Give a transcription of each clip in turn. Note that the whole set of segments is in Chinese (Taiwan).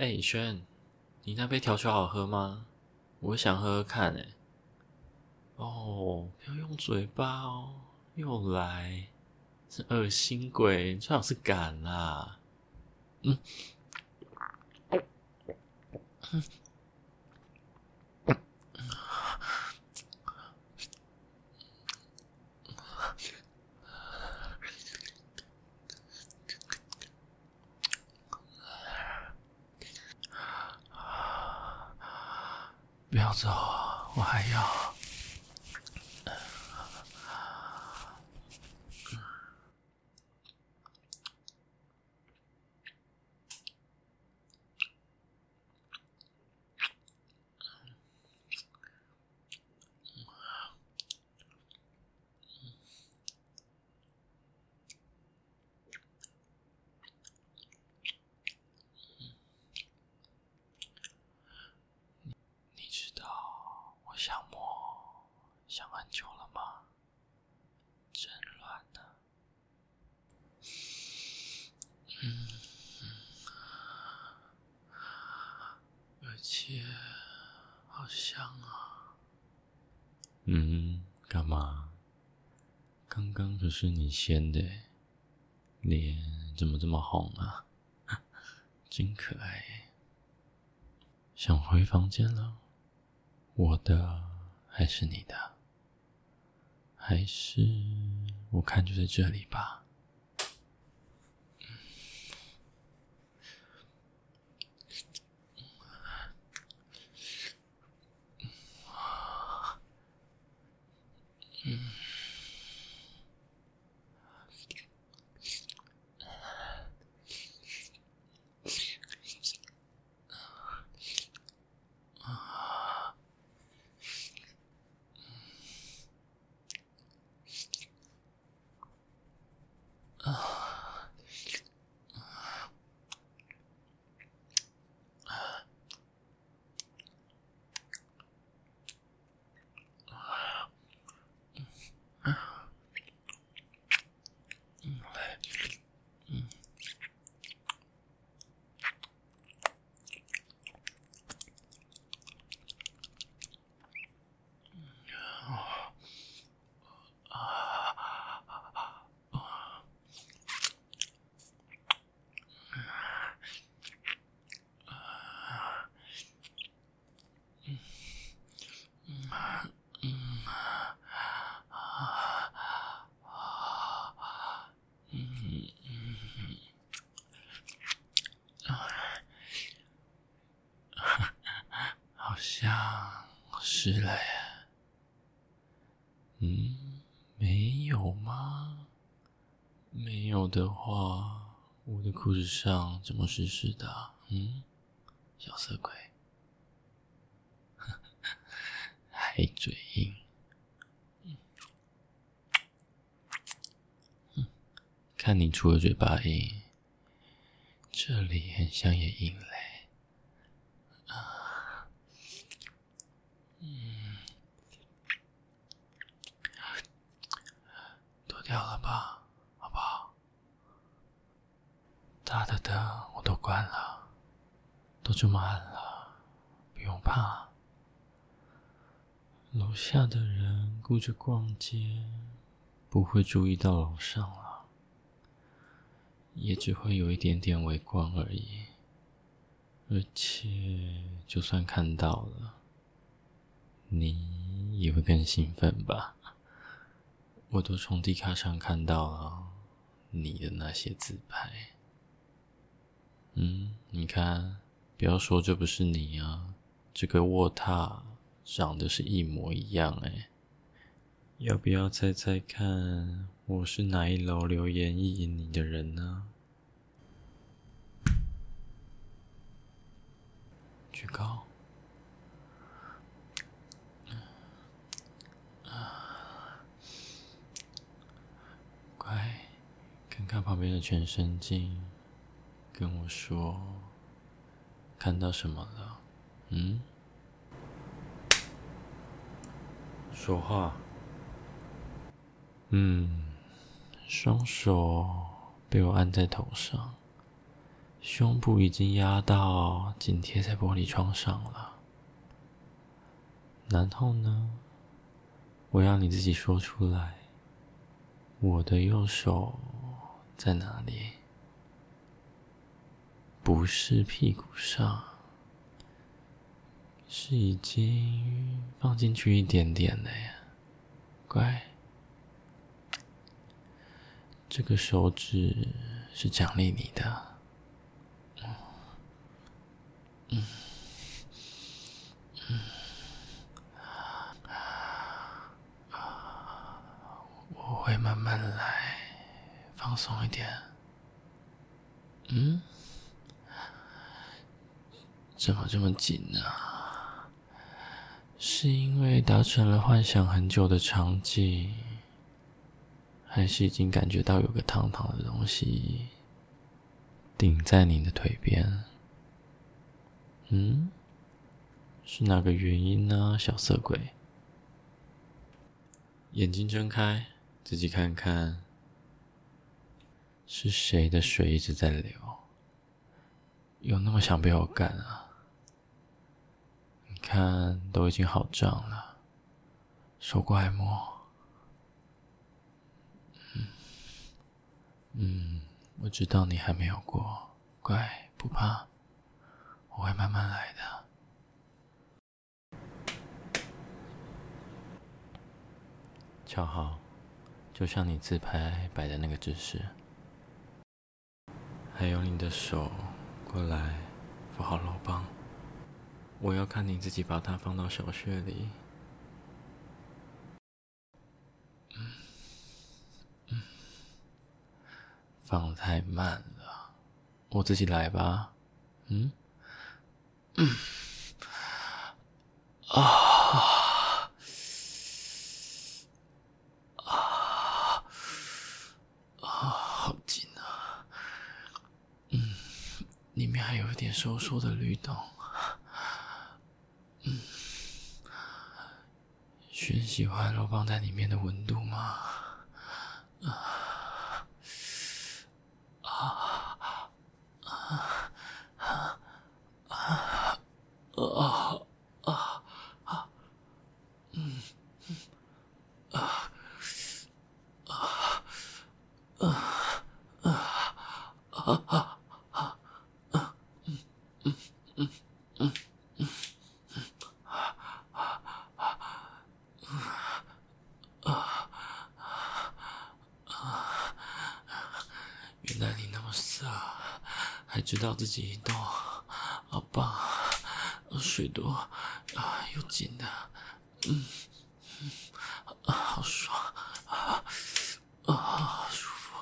哎、欸，宇軒，你那杯調酒好喝嗎？我想喝喝看。欸。哎，哦，不要用嘴巴哦，又來，是噁心鬼，最好是敢啦，啊。嗯。嗯走，我還要。嗯，幹嘛？剛剛可是你先的，臉怎麼這麼紅啊？真可愛。想回房間了？我的還是你的？還是我看就在這裡吧。像是濕了耶。嗯，沒有嗎？沒有的話，我的褲子上怎麼濕濕的？嗯，小色鬼，還嘴硬，看你除了嘴巴硬，這裡很像也硬嘞。怕樓下的人顧着逛街，不會注意到樓上了，也只會有一點點微光而已。而且，就算看到了，你也會更興奮吧？我都從 D 卡上看到了你的那些自拍。嗯，你看，不要說這不是你啊！這個臥榻長得是一模一樣哎、欸，要不要猜猜看我是哪一樓留言意淫你的人呢？舉高，啊，乖，看看旁邊的全身鏡，跟我說，看到什麼了？嗯，說話。嗯，雙手被我按在頭上，胸部已經壓到緊貼在玻璃窗上了。然後呢？我要你自己說出來，我的右手在哪裡？不是屁股上。是已經放進去一點點了呀，乖。這個手指是獎勵你的。嗯嗯，嗯，我會慢慢來，放鬆一點。嗯？怎麼這麼緊呢、啊？是因為達成了幻想很久的場景，還是已經感覺到有個燙燙的東西頂在你的腿邊？嗯，是哪個原因呢、啊，小色鬼？眼睛睜開，自己看看，是誰的水一直在流？有那麼想被我幹啊？看，都已經好脹了，手過來摸，嗯。嗯，我知道你還沒有過，乖，不怕，我會慢慢來的。翹好，就像你自拍擺的那個姿勢，還有你的手過來扶好樓棒。我要看你自己把它放到小穴裡，嗯嗯、放得太慢了，我自己來吧。嗯，嗯啊啊啊！好緊啊，嗯，裡面還有一點收縮的律動。你喜歡我放在裡面的溫度嗎？啊啊啊啊啊啊！啊。啊。啊啊啊！啊啊啊啊啊原來你那麼色，還知道自己移動，好棒，啊！水多啊，又緊的，嗯嗯，啊，好爽啊啊，好舒服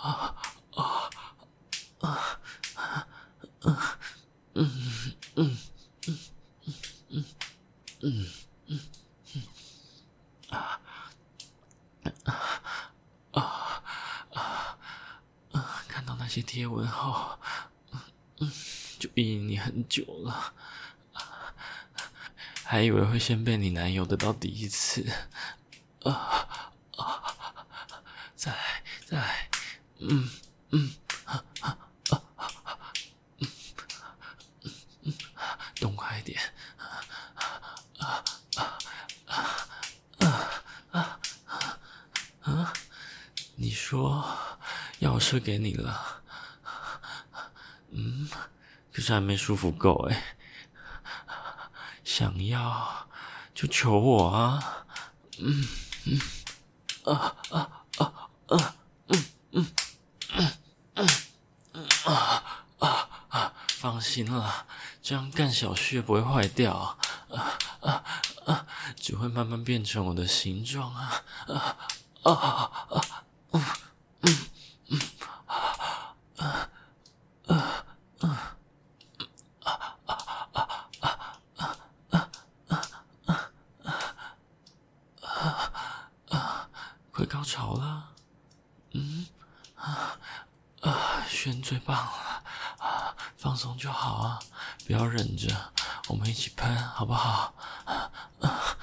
啊啊啊啊嗯嗯嗯嗯嗯嗯嗯嗯嗯嗯啊啊啊啊貼貼文後嗯，就意你很久了，還以為會先被你男友得到第一次，啊啊，再再嗯嗯嗯，啊啊啊啊，嗯嗯，嗯，動快一點，啊啊啊啊啊啊，啊，你說，鑰匙給你了。還沒舒服夠哎，想要就求我啊！嗯嗯啊啊啊啊嗯嗯嗯嗯啊啊啊！放心了，這樣幹小事不會壞掉，啊啊啊！只會慢慢變成我的形狀啊啊啊啊！最棒了，放鬆就好啊，不要忍着，我們一起噴，好不好？啊啊啊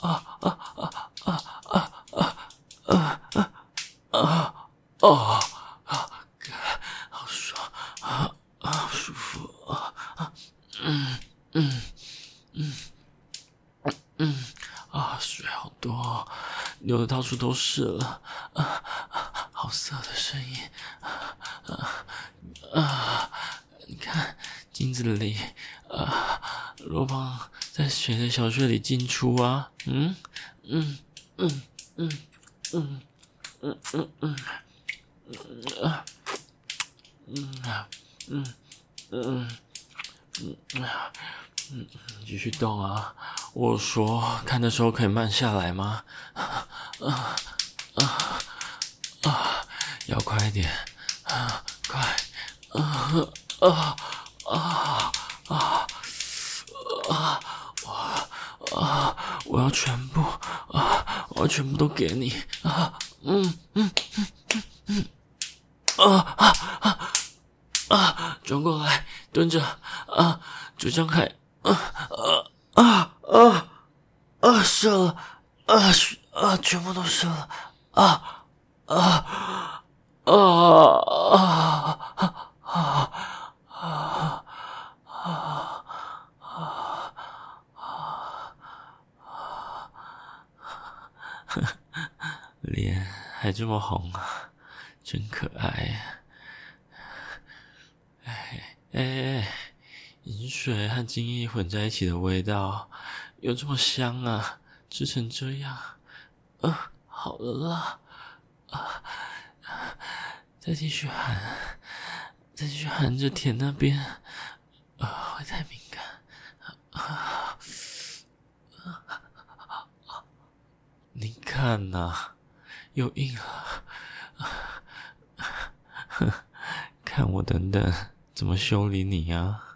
啊啊啊啊啊啊啊啊！啊啊啊啊啊啊啊啊哦我到處都是了，啊，好色的聲音，啊，啊，你看鏡子裡，啊，肉棒在濕的小穴裡進出啊，嗯，嗯，嗯，嗯，嗯，嗯嗯嗯，嗯啊，嗯，嗯嗯嗯嗯嗯嗯嗯嗯嗯嗯繼續動啊，我說看的時候可以慢下來嗎？啊啊啊！要快一點！啊，快！啊啊啊啊啊，啊！我啊！我要全部！啊，我要全部都給你！啊，嗯嗯嗯嗯嗯！啊啊啊啊！轉過來，蹲着啊！就張開。臉還這麼紅啊，真可愛！哎哎哎，淫水和精液混在一起的味道，又這麼香啊！吃成這樣，啊，好了啦，啊，再繼續含，再繼續含着舔那邊，啊，會太敏感，啊啊啊！你看吶。又硬了，看我等等，怎麼修理你啊？